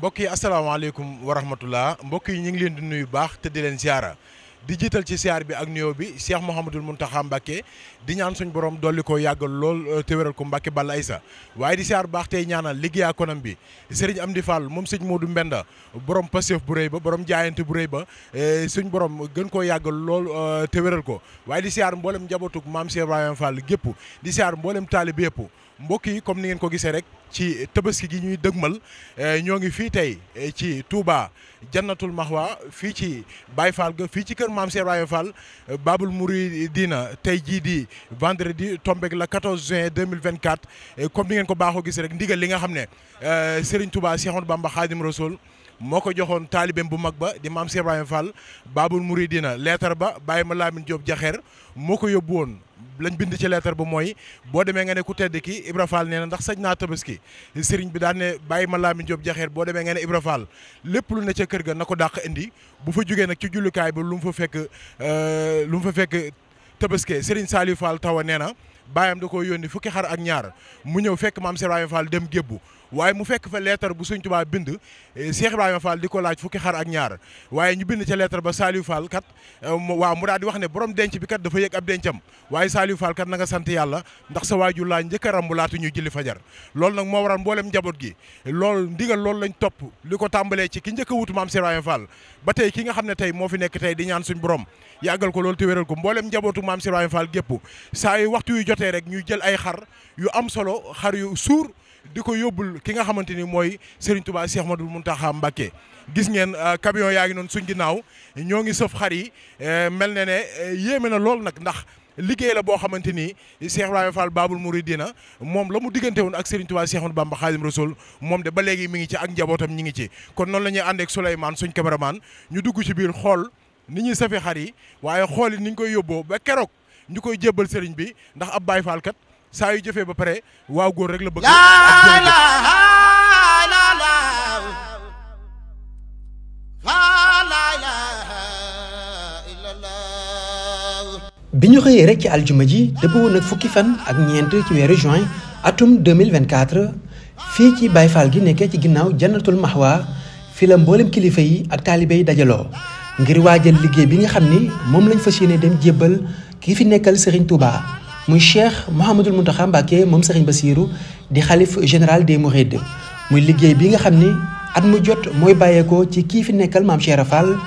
mbokk yi asalaamaaleykum wa rahmatullah mbokk yi ñu ngi leen di nuyu baax te di leen ziara di jiital ci siyaar bi ak nuyoo bi Cheikh Mouhamadul Mountakha Mbacké di ñaan suñ borom dolli ko yàggal lool euh, te wéral ko Mbacké Balla Aïssa waaye di siyaar baax tey ñaanal liggéeyaa konam bi Serigne Amdi Fall moom sëñ Modou Mbenda borom pasef bu rëy ba borom jaayante bu rëy ba euh, suñ borom gën koo yàggal lool euh, te wéral ko waaye di siyaar mboolem njabootug maam Cheikh Ibrahima Fall gépp di siyaar mboolem taalibe yëpp mbokk yi comme ni ngeen ko gisee rek ci tabaski gi ñuy dëgmal eh, ñoo ngi fii tey eh, ci Touba Jannatul Mahwa fii ci Baye Fall ga fii ci kër Maam Cheikh Ibrahima Fall eh, Babul Mouridina tey jii di vendredi tombeeg la 14 juin 2024 comme ni ngeen ko baaxoo gisee rek ndigal li nga xam ne Serigne Touba Cheikhoul Bamba Khadim Rasoul moo ko joxoon taalibeem bu mag ba di maam Cheikh Ibrahima mu Baabul dina leetar ba Baye ma Lamine Diop Jaxeer moo ko yóbbu woon lañ bind ci leetar ba mooy boo demee nga ne ku tedd ki Ibra Fall nee ndax sañ naa tabaski sëriñ bi daan ne Baye ma Lamine Diop Jaxeer boo demee nga ne Ibra lépp lu ne ca kër ga na ko dàq indi bu fa jógee nag ci jullukaay ba lu mu fa fekk euh, lu mu fa fekk tabaski sëriñ Saliou Fall tawa nee na baayam da koo yónni fukki xar ak ñaar mu ñëw fekk maam Cheikh Ibrahima dem gébbu waaye mu fekk fa leetar bu Sëñ Tuubaa bind eh, Cheikh Ibrahima Fall di ko laaj fukki xar ak ñaar waaye ñu bind ca leetar ba Saliou Fall kat eh, waaw mu daal di wax ne borom denc bi kat dafa yëg ab dencam waaye Saliou Fall kat na sant yàlla ndax sa waajur laa njëkk a rambu laatu ñuy julli fajar loolu nag moo waral mbooleem njaboot gi lool ndigal loolu lañ topp li ko tàmbalee ci ki njëkk a wutu maam Cheikh Ibrahima Fall ba tey ki nga xam ne tey moo fi nekk tey di ñaan suñ borom yàggal ko loolu te wéral ko mboolem njabootu maam Cheikh Ibrahima Fall saa yu waxtu yu jotee rek ñu jël ay xar yu am solo xar yu suur di ko yóbbul ki nga xamante ni mooy Serigne Touba Cheikh Madou Mountakha Mbacké gis ngeen euh, camion yaa ngi noon suñ ginnaaw ñoo ngi sëf xar yi euh, mel na ne euh, yéeme na lool nag ndax liggéey la boo xamante ni Cheikh Ibrahima Fall Babul Mouridina moom la mu diggante ak ak Serigne Touba Cheikh Ahmadou Bamba Khadim Rasoul moom de ba léegi mi ngi ci ak njabootam ñi ngi ci kon noonu la ñuy ànd ak Souleymane suñ cameraman ñu dugg ci biir xool ni ñuy safi xar yi waaye xool yi ni ñu koy yóbboo ba keroog ñu koy jébbal Serigne bi ndax ab Baye saa yu jëfee ba pare waaw góor rek la bëgg. bi ñu xëyee rek ci aljuma ji dëppoo nag fukki fan ak ñeent ci weeru juin atum 2024 fii ci bayfal gi nekkee ci ginnaaw jannatul maxwa fi la mboolem kilifa yi ak taalibe yi dajaloo ngir waajal liggéey bi nga xam ni moom lañ fas yéene dem jébbal kii fi nekkal Serigne Touba. muy cheikh Mouhamadul Mountakha Mbacké moom ba Bassirou di xalif général de Mourides muy liggéey bi nga xam ni at mu jot mooy bàyyeekoo ci kii fi nekkal maam Cheikh Fall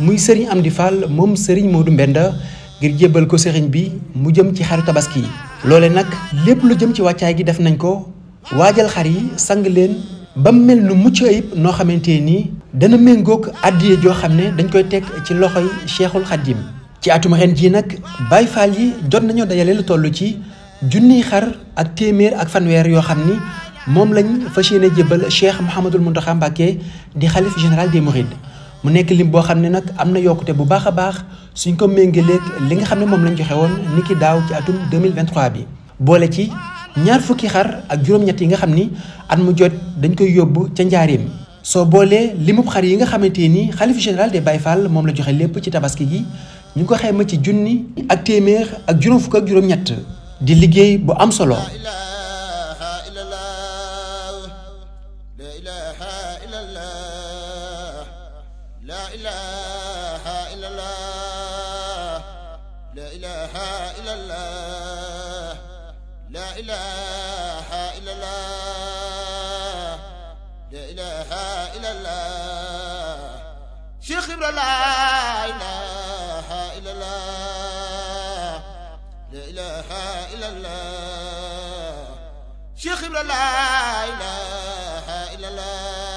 muy Serigne Amdi Fall moom Serigne Modou Mbenda ngir jébbal ko Serigne bi mu jëm ci xaru tabaski loole nag lépp lu jëm ci wàccaay gi def nañ ko waajal xar yi sang leen ba mel nu mucc ayib noo xamante nii dana méngoog addiye joo xam ne dañ koy teg ci loxo yi Cheikhul Khadim ci atum ren jii nag Baye Fall yi jot nañoo dajale lu toll ci junniy xar ak téeméer ak fanweer yoo xam ni moom lañ fa yéene jébbal Cheikh Mouhamadul Mountakha Mbacké di xalif général des Mourides mu nekk lim boo xam ne nag am na yokkute bu baax a baax suñ ko méngaleeg li nga xam ne moom lañ joxe woon ni ki daaw ci atum 2023 bi boole ci ñaar fukki xar ak juróom-ñett yi nga xam ni at mu jot dañ koy yóbbu ca njaareem soo boolee limub xar yi nga xamante ni xalif général des Baye Fall moom la joxe lépp ci tabaski gi ñu ko xayma ci junni ak téeméer ak juróom fukk ak juróom-ñett di liggéey bu am solo Cheikh Ibra la ilaha ilaha illallah Cheikh Ibra la ilaha illallah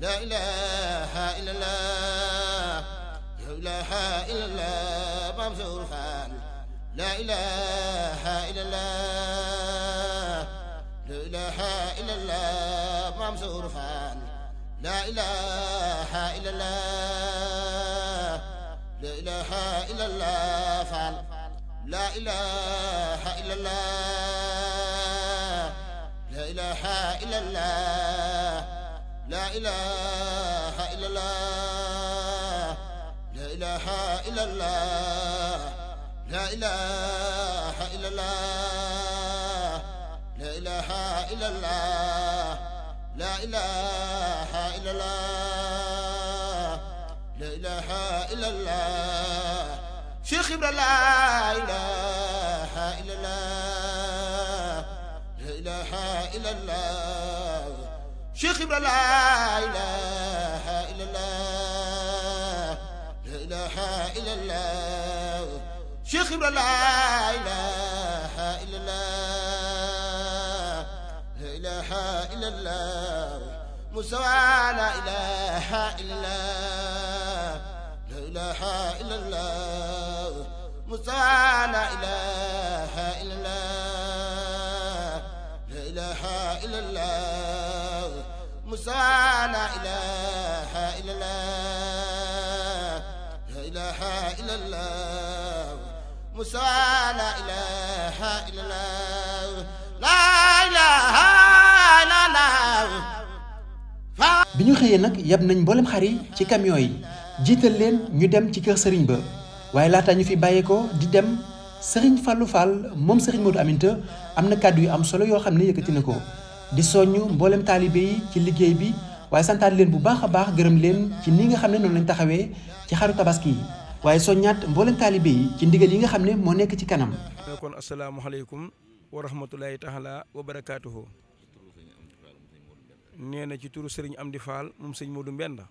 لا إله إلا الله لا إله إلا الله ممسور خان لا إله إلا الله لا إله إلا الله ممسور خان لا إله إلا الله لا إله إلا الله فان لا إله إلا الله لا إله إلا الله laa ilaaha illallah laa ilaaha illallah laa ilaaha illallah laa ilaaha illallah laa ilaaha illallah laa ilaaha illallah Cheikh Ibra laa ilaaha illallah laa ilaaha illallah Cheikh Ibra la ilaha illallah la ilaha illallah Cheikh Ibra la ilaha illallah la ilaha illallah Moussa la ilaha illallah la ilaha illallah Moussa la ilaha Musa la bi ñu xëyee nag yab nañ mboolem xar ci camion yi jiital leen ñu dem ci kër sëriñ ba waaye laata ñu fi bàyyeekoo di dem sëriñ Fallou Fall moom sëriñ Modou Aminta am na kàddu yu am solo yoo xam ne yëkkati na ko. di soññ mboolem taalibe yi ci liggéey bi waaye santaat leen bu baax a baax gërëm leen ci ni nga xam ne noonu lañ taxawee ci xaru tabaski yi waaye soññaat mboolem taalibe yi ci ndigal yi nga xam ne moo nekk ci kanam. kon asalaamaaleykum wa rahmatulahi taala na ci turu Serigne Amdi Fall moom sëñ Modou Mbenda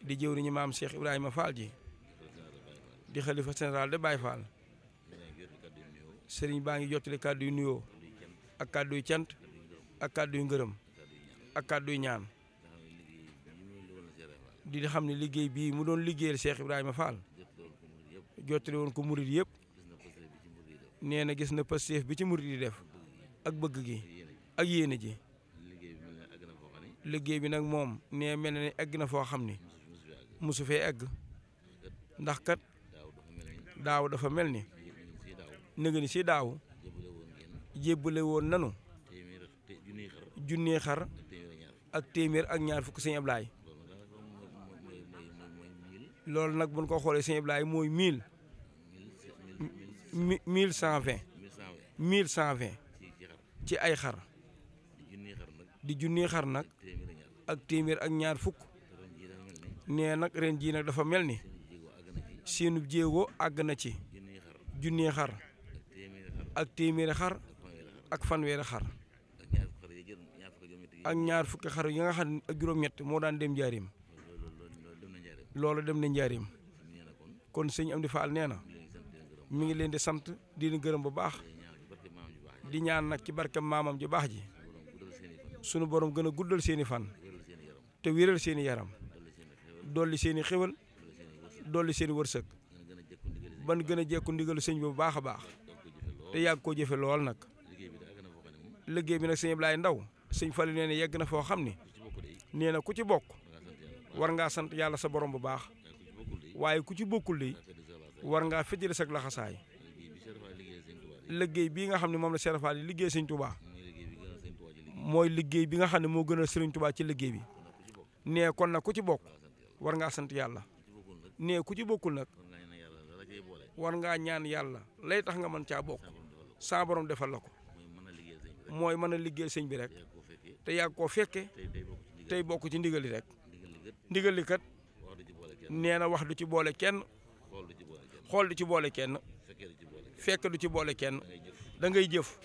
di jëwriñu maam Cheikh Ibrahima Fall ji di xalifa général de Baye Fall Serigne baa ngi jottali kàddu yu nuyoo ak kàddu yu cant. ak kàddu yu ngërëm ak kàddu yu ñaan di xam ne liggéey bii mu doon liggéeyal Cheikh Ibrahima Fall jottali woon ko murid yëpp nee na gis na Pastef bi ci murid yi def ak bëgg gi ak yéene ji liggéey bi nag moom ne mel na ne egg na foo xam ni musu fee egg ndax kat daaw dafa mel ni nëgë ni si daaw jébbale woon nanu junnee xar ak téeméer ak ñaar fukk sëñ Ablaay loolu nag buñ ko xoolee sëñ Ablaay mooy mille mille cent vingt mille cent vingt ci ay xar di junni xar nag ak téeméer ak ñaar fukk nee nag ren jii nag dafa mel ni seenu jéego àgg na ci junnee xar ak téeméeri xar ak fanweeri xar ak ñaar fukki xar yi nga xam ak juróom-ñett moo daan dem njaareem loolu dem njaarim kon sëñ di Fall nee na mu ngi leen di sant di gërëm bu baax di ñaan nag ci barke maamam ji baax ji sunu borom gën a guddal seeni fan te wéral seeni yaram dolli seeni xéwal dolli seeni wërsëg ban gën a jekku ndigalu sëñ bi bu baax a baax te yàgg koo jëfe lool nag liggéey bi nag sëñ Ablaye Ndaw sëñ Fallou nee na yegg na foo xam ne nee na ku ci bokk war ngaa sant yàlla sa borom bu baax waaye ku ci bokkul de war ngaa fëjjale sa laxasaay liggéey bii nga xam ne moom la Serigne Fall yi liggéey sëñ Touba mooy liggéey bi nga xam ne moo gën a sëriñ Touba ci liggéey bi nee kon nag ku ci bokk war ngaa sant yàlla nee ku ci bokkul nag war ngaa ñaan yàlla lay tax nga mën caa bokk saa borom defal la ko mooy mën a liggéey sëñ bi rek. te yàgg koo fekke tey bokk ci ndigal li rek ndigal li kat nee na wax du ci boole kenn xool du ci boole kenn fekk du ci boole kenn da ngay jëf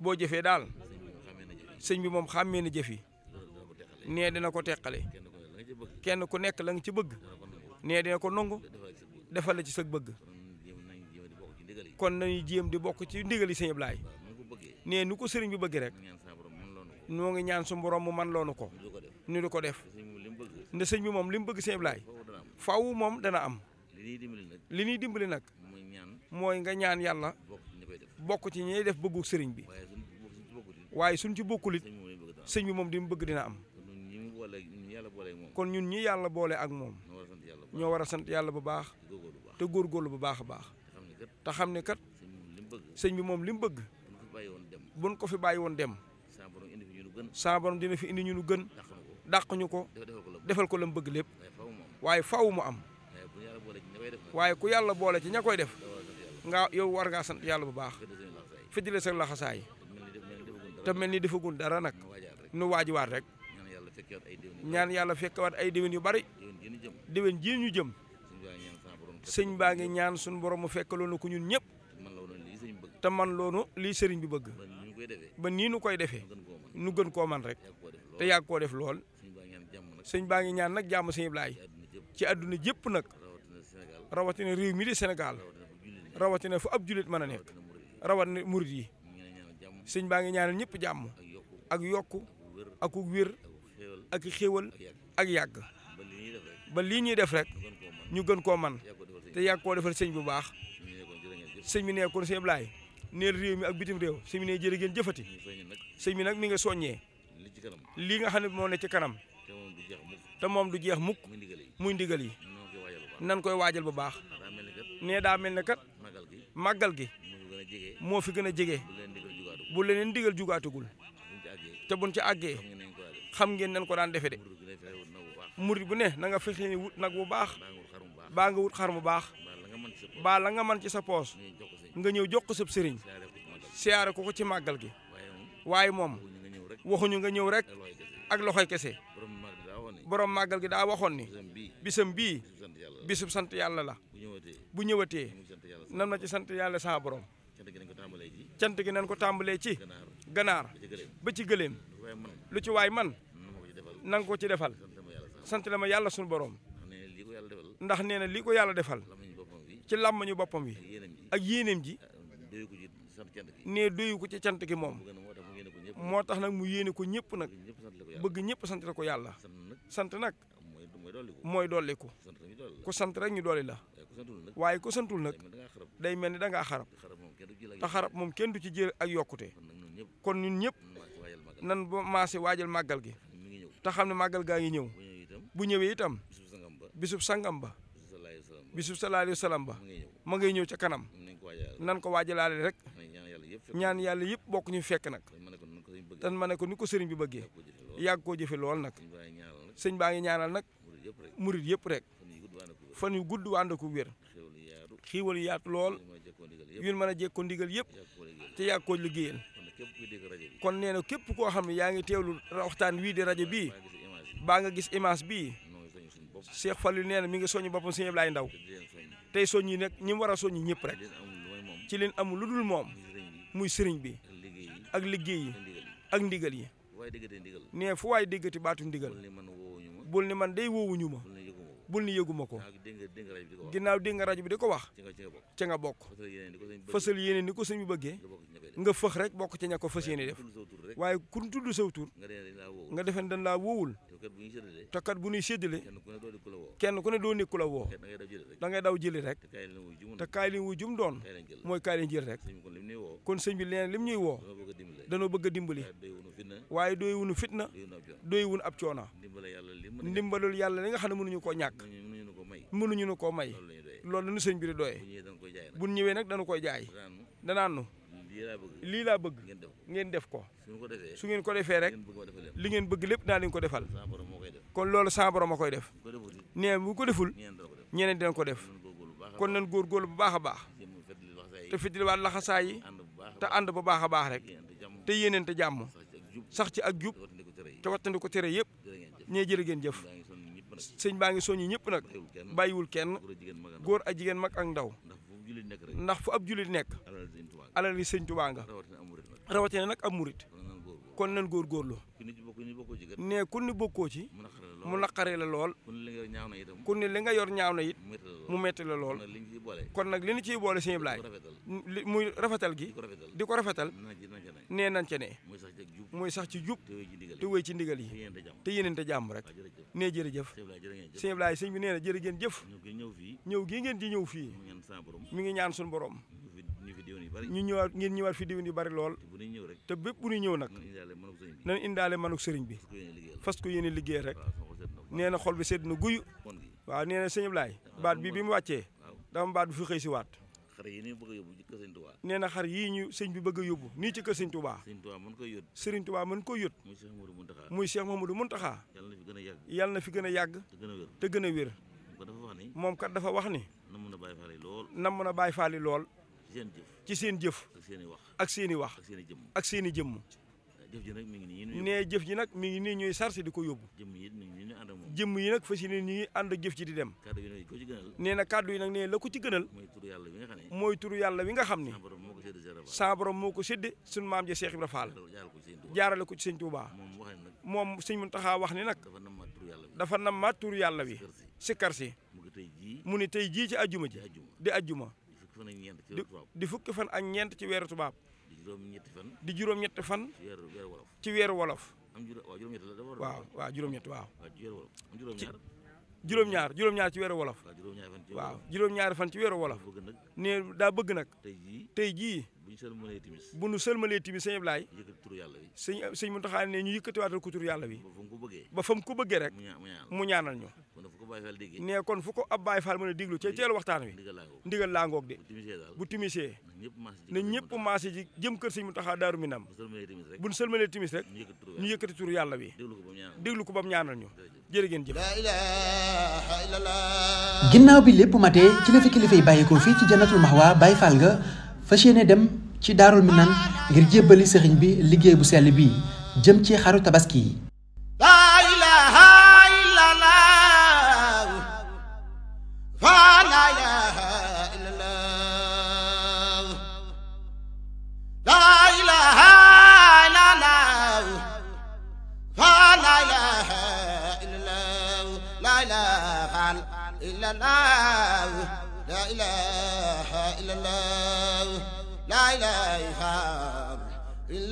boo jëfee daal sëñ bi moom xàmmee na jëf yi nee dina ko teqale kenn ku nekk la nga ci bëgg nee dina ko nangu defal la ci sa bëgg kon nañu jéem di bokk ci ndigal yi sëñ Ablaay nee nu ko sëriñ bi bëgg rek ñoo ngi ñaan su borom mu man loonu ko ñu di ko def nde sëñ bi moom li mu bëgg sëñ Ablaay faw moom dana am li ñuy dimbali nag mooy nga ñaan yàlla bokk ci ñiy def bëggu sëriñ bi waaye suñ ci bokkulit sëñ bi moom di mu bëgg dina am kon ñun ñi yàlla boole ak moom ñoo war a sant yàlla bu baax te góorgóorlu bu baax a baax te xam ne kat sëñ bi moom li mu bëgg buñ ko fi bàyyi woon dem saa borom dina fi indi ñu nu gën dàq ñu ko defal ko la mu bëgg lépp waaye faw mu am waaye ku yàlla boole ci ña koy def nga yow war ngaa sa yàlla bu baax fidile sa laxasaay te mel ni defagul dara nag nu waajiwaat rek ñaan yàlla fekkewaat ay déwén yu bari déwén ji ñu jëm sëñ baa ngi ñaan suñu borom mu fekk na ko ñun ñëpp te man loonu lii sëriñ bi bëgg ba nii nu koy defee nu gën koo man rek te yàgg koo def lool sëñ baa ngi ñaan nag jàmm sëñ Ablaay ci àdduna jëpp nag rawatina réew mi di Sénégal rawatina fu ab jullit man a nekk rawatina murit yi sëñ baa ngi ñaanal ñëpp jàmm ak yokk ak wér ak xéwal ak yàgg ba lii ñuy def rek ñu gën koo man te yàgg koo defal sëñ bu baax sëñ bi nekkoon sëñ Ablaay neel réew mi ak bitim réew sëñ bi ne jërë ngeen jëfati sëñ bi nag mi nga soññee lii nga xam ne moo ne ci kanam te moom du jeex mukk muy ndigal yi nan koy waajal bu baax ne daa mel ne kat màggal gi moo fi gën a jege bu leneen ndigal jugaatugul te buñ ci àggee xam ngeen nan ko daan defe de murid bu ne na nga ne wut nag bu baax baa nga wut xar bu baax baa la nga man ci sa poos nga ñëw jox ko sab sëriñ siyaare ko ko ci màggal gi waaye moom waxuñu nga ñëw rek ak loxoy kese borom màggal gi daa waxoon ni bisam bii bisub sant yàlla la bu ñëwatee nam na ci sant yàlla saa borom cant gi nañ ko tàmbalee ci ganaar ba ci gëléem lu ci waay man nanga ko ci defal sant la ma yàlla sunu borom ndax nee na lii ko yàlla defal ci ñu boppam wi ak yéeneem ji ne doyu ko ci cant gi moom moo tax nag mu yéene ko ñëpp nag bëgg ñëpp sant la ko yàlla sant nag mooy dolliku ku sant rek ñu dolli la waaye ku santul nag day mel ni da ngaa xarab te xarab moom kenn du ci jër ak yokkute kon ñun ñëpp nan ba maase waajal màggal gi te xam ne màggal gaa ngi ñëw bu ñëwee itam bisub sangam ba bisu sallallahu alayhi wa sallam ba ma ngay ñëw ca kanam nan ko waajalaale rek ñaan yàlla yëpp bokk ñu fekk nag tan ma ne ko ni ko sëriñ bi bëggee yàgg koo jëfe lool nag sëñ baa ngi ñaanal nag murit yëpp rek fan yu gudd ànd ko wér xiiwal yu yaatu lool yun man a jekk ko ndigal yëpp te yàgg koo liggéeyal kon nee na képp koo xam ne yaa ngi teewlu waxtaan wii di rajo bi baa nga gis image bii Cheikh Fallou nee na mi ngi soññi boppam Serigne Abdoulaye Ndaw tey soññi nag ñi mu war a soññi ñëpp rek ci leen amul lu dul moom muy sëriñ bi ak liggéey yi ak ndigal yi nee fu waay déggati baatu ndigal bul ni man day woowuñu ma bul ni yëguma ko naaw dégg nga rajo bi di ko wax ca nga bokk fësal yéene ni ko sëñ bi bëggee nga fëx rek bokk ca ña ko fas yéene def waaye ku tudd saw tur nga defen dañ laa woowul kat bu ñuy séddalee. te kat bu ñuy séddalee. kenn ku ne doo nekku la woo. kenn ku ne doo nekku la woo. da ngay daw jëli rek. da ngay daw jëli rek. te kaay li wu jum doon. mooy kaay li jël rek. kon sëñ bi leen lim ñuy woo. danoo bëgg a dimbali. waaye doy wunu fitna. doy wunu ab coona. ndimbalul yàlla li nga xam ne mënuñu koo ñàkk. mënuñu nu koo may. loolu la ñu sëñ bi di doye. bu ñëwee nag dañu ko jaay. danaanu lii laa bëgg ngeen def ko su ngeen ko defee rek li ngeen bëgg lépp daa leen ko defal kon loolu sa borom a koy def nee bu ko deful ñeneen dina ko def kon nañ góorgóorlu bu baax a baax te fitiliwaat laxasaa yi te ànd bu baax a baax rek te yéeneen te jàmm sax ci ak jub te wattandi ko tere yëpp ñee jërë ngeen jëf sëñ baa ngi soññi ñëpp nag bàyyiwul kenn góor ak jigéen mag ak ndaw ndax fu ab julit nekk alal yi sëñ Tuubaa nga rawatina nag ab murit kon nan góorgóorlu ne ku ni bokkoo ci mu naqaree la lool ku ni li nga yor ñaaw na it mu metti la lool kon nag li ñu ciy boole sëñ Ablaay muy rafetal gi di ko rafetal nee nañ ca ne mooy sax ci jub te wéy ci ndigal yi te yéeneente jàmm rek nee jërëjëf sëñ Ablaye sëñ bi nee na jërë ngeen jëf ñëw gii ngeen di ñëw fii mi ngi ñaan suñu borom ñu ñëwaat ngeen ñëwaat fi diwén yu bari lool te bépp bu ñu ñëw nag nañ indaale manuk sëriñ bi fas ko yéene liggéey rek nee na xol bi sedd na guyu waaw nee na sëñ baat bi bi mu wàccee dama baat bu fi xëy si waat xar yi ñu bëgg a yóbbu Sëñ Touba nee na xar yii ñu sëñ bi bëgg a yóbbu nii ci kër Sëñ Touba Sëñ Touba mën koy yót Sëriñ Touba mën koy yót muy Cheikh Mamadou Muntaxa muy Cheikh Mamadou Muntaxa yàlla na fi gën a yàgg yàlla na fi gën a yàgg te gën a wér moom kat dafa wax ni nam mën a bàyyi faali lool nam mën a bàyyi faali lool ci seen jëf seen jëf ak seen i wax ak seeni i wax ak seen i jëmm jëf ji mi ngi nii nee jëf ji nag mi ngi nii ñuy sarse di ko yóbbu. jëmm yi nii ñu ànd ak ñuy ànd jëf ji di dem. kàddu yi nag ko nee na kàddu yi nag nee la ko ci gënal. mooy turu yàlla wi nga xam ne. mooy turu yàlla wi nga xam ne. saa borom moo ko sédde sunu maam ja Cheikh Ibra Fall. jaarale ko ci sëñ Touba. moom sëñ Mountakha wax ni nag. dafa nam nammaat turu yàlla wi. sikkar si mu ni tey jii ci ajjuma ji di ajjuma di fukki fan ak ñeent ci weeru tubaab juróom-ñetti fan. di juróom-ñetti fan. ci weeru weeru wolof. ci weeru wolof. am juróom waaw juróom-ñetti la dafa waaw juróom ñaar juróom-ñaar juróom-ñaar ci weeru wolof. waaw juróom-ñaar fan ci weeru wolof waaw juróom-ñaar daa bëgg nag. tey jii tey jii. bu ñu sëlmalee timis. bu ñu sëlmalee timis sëñ ne ñu yëkkatiwaatal ku turu yàlla bi. ba fa mu ko bëggee. ba fa rek. mu ñaanal ñu. ne kon fu ko ab Baye Fall mën a déglu ca teel waxtaan wi. ndigal laa ngoog de bu timisee ne ñëpp maase ji jëm kër sëñ taxa Daaru Minam bu ñu sëlmalee timis rek ñu yëkkati tur yàlla bi déglu ko ba mu ñaanal ñu jërë ngeen jëf ginnaaw bi lépp matee ci la fi kilifa yi bàyyikoo fii ci jannatul waa bay faal nga fa yéene dem ci daarul minan ngir jébbali sëriñ bi liggéey bu sell bi jëm ci xaru tabaski yi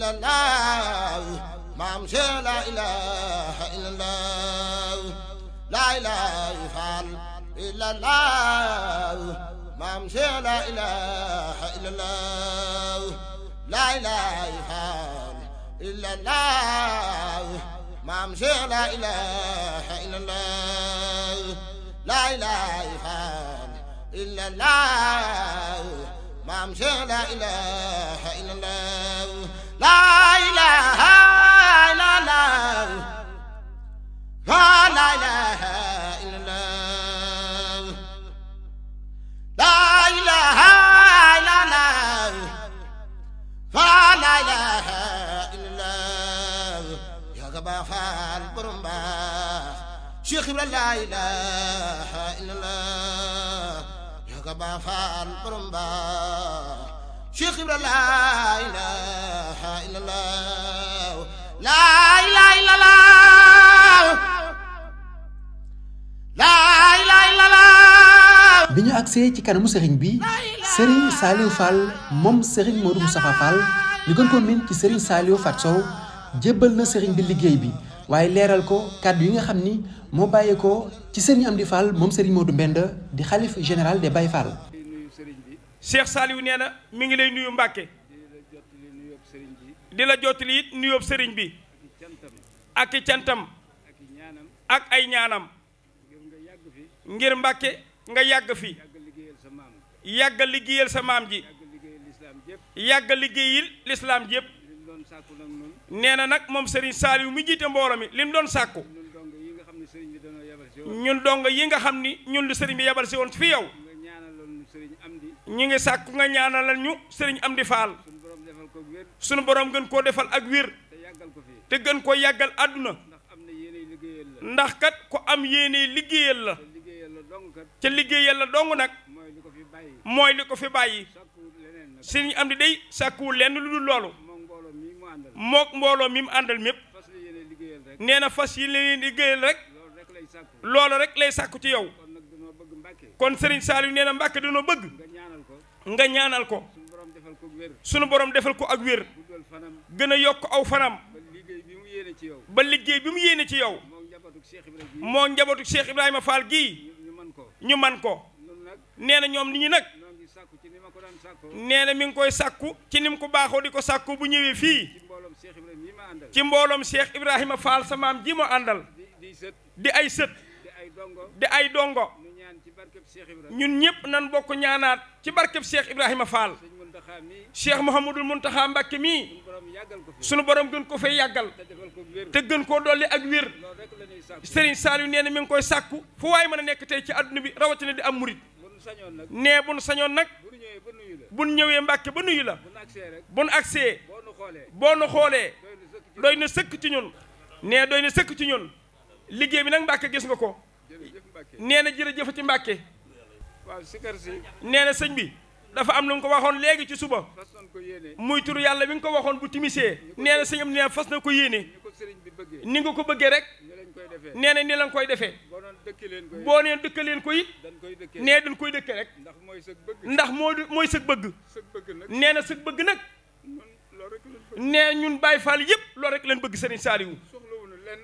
illallah maam Cheikh la ilaha illallah la ilaha illallah maam Cheikh la ilaha illallah la ilaha illallah maam Cheikh la ilaha illallah la ilaha illallah maam Cheikh la ilaha illallah laa ilaaha illallaah laa ilaaha illallaah laa ilaaha illallaah laa ilaaha illallaah yaa ga baax faal borom baax Cheikh Ibra laa ilaaha illallaah yaa ga baax faal borom baax Cheikh bi ñu agsee ci kanamu sëriñ bi sëriñ Saliou Fall moom sëriñ Modou Moustapha Fall ñu gën ko min ci sëriñ Saliou Fat Sow jébbal na sëriñ bi liggéey bi waaye leeral ko kàddu yi nga xam ni moo bàyyi ko ci sëriñ Amdi Fall moom sëriñ Modou Mbenda di xalif général de Baye Fall Cheikh Saliou nee na mi ngi lay nuyu Mbàkke di la jottali it nuyoob sëriñ bi ak i cantam ak ay ñaanam ngir Mbàkke nga yàgg fi yàgg liggéeyal sa maam ji yàgg liggéeyil lislaam ji yëpp nee na nag moom sëriñ Saliou mi jiite mbooloo mi li mu doon sàkku ñun dong yi nga xam ni ñun li sëriñ bi yebal si woon fi yow ñu ngi sàkku nga ñaanalal ñu sëriñ Amdi Faal suñu borom gën koo defal ak wér te gën koo yàggal àdduna ndax kat ko am yéene liggéeyal la ca liggéeyal la dong nag mooy li ko fi bàyyi sëriñ dey day sàkkuwul lenn lu dul loolu mook mbooloo mi mu àndal mépp nee na fas yi leen liggéeyal rek loolu rek lay sàkku ci yow kon sëriñ Saliou nee na Mbàkke dañoo bëgg nga ñaanal ko sunu borom defal ko ak wér gën a yokk aw fanam ba liggéey bi mu yéene ci yow moo njabootu Cheikh Ibrahima Fall gii ñu man ko nee na ñoom li ñi nag nee na mi ngi koy sàkku ci ni mu ko baaxoo di ko sàkku bu ñëwee fii ci mbooloom Cheikh Ibrahima Fall sa maam ji moo àndal di ay sët di ay dongo ñun ñëpp nan bokk ñaanaat ci barkeb Cheikh Ibrahima Fall Cheikh Mouhamadul Mountakha Mbacké mii sunu borom gën ko fay yàggal te gën koo dolli ak wér Serigne Saliou nee na mi ngi koy sàkku fu waay mën a nekk tey ci àdduna bi rawatina di am murit nee bu nu sañoon nag bu nu ñëwee mbàkke ba nuyu la bu nu agsee boo nu xoolee doy na sëkk ci ñun nee doy na sëkk ci ñun liggéey bi nag Mbacké gis nga ko. nee na jërëjëfati Mbàkke waaw sikar nee na sëñ bi dafa am lu nga ko waxoon léegi ci suba muy turu yàlla bi nga ko waxoon bu timisee nee na sëñ am nee fas na ko yéene ni nga ko bëggee rek nee na ni la koy defee boo neen dëkka leen ko it nee dañ koy dëkke rek ndax moo mooy sëg bëgg nee na sëg bëgg nag nee ñun bàyyi Faal yépp loolu rek leen bëgg Sëriñ Saaliwu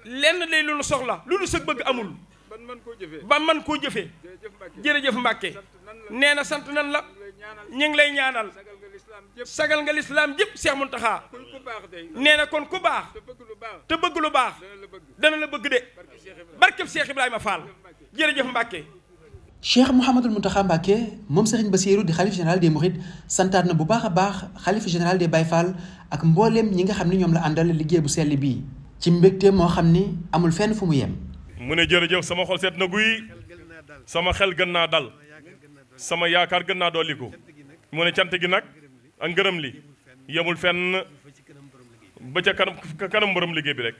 lenn lay lu nu soxla lu nu sëg bëgg amul ban mën koo jëfee ba mën koo jëfee jërëjëf Mbàkke nee na sant nan la ñu ngi lay ñaanal sagal nga lislaam jëpp Seex Muntaxaa nee na kon ku baax te bëgg lu baax dana la bëgg de barkeb Seex Ibrahima Fall jërëjëf Mbàkke Cheikh Mouhamadul Mountakha Mbacké moom Serigne Bassirou di xalif général des Mourides santaat na bu baax a baax xalif général des Baye Fall ak mbooleem ñi nga xam ne ñoom la àndal liggéey bu sell bii ci mbégte moo xam ni amul fenn fu mu yem mu ne jërëjëf sama xol seet na guy sama xel gën naa dal sama yaakaar gën naa dolliku mu ne cant gi nag ak ngërëm li yemul fenn ba ca kanam kanamu borom liggéey bi rek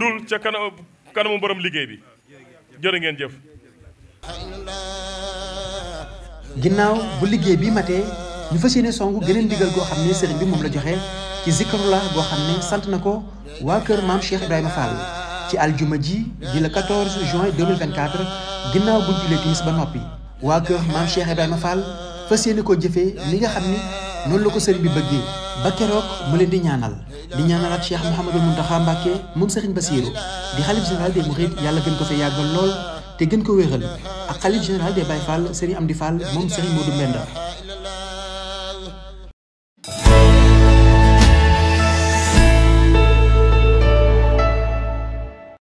dul ca kanam kanamu borom liggéey bi jërë ngeen jëf. ginnaaw bu liggéey bi matee ñu fas yéene songu gëneen ndigal goo xam ne sëriñ bi moom la joxe ci zikarullah goo xam ne sant na ko waa kër maam Cheikh Ibrahima Fall. ci aljuma ji di le 14 juin 2024 ginnaaw buñ julee timis ba noppi waa kër maam Cheikh Ibrahima Fall fas yéene koo jëfee li nga xam ne noonu la ko sëriñ bi bëggee ba keroog mu leen di ñaanal di ñaanal ak Cheikh Mouhamadul Mountakha Mbacké moom sëriñ Bassirou di xalif général des Mourides yàlla gën ko fi yàggal lool te gën ko wéeral ak xalif général des Baye Fall sëriñ Amdi Fall moom sëriñ Modou Mbenda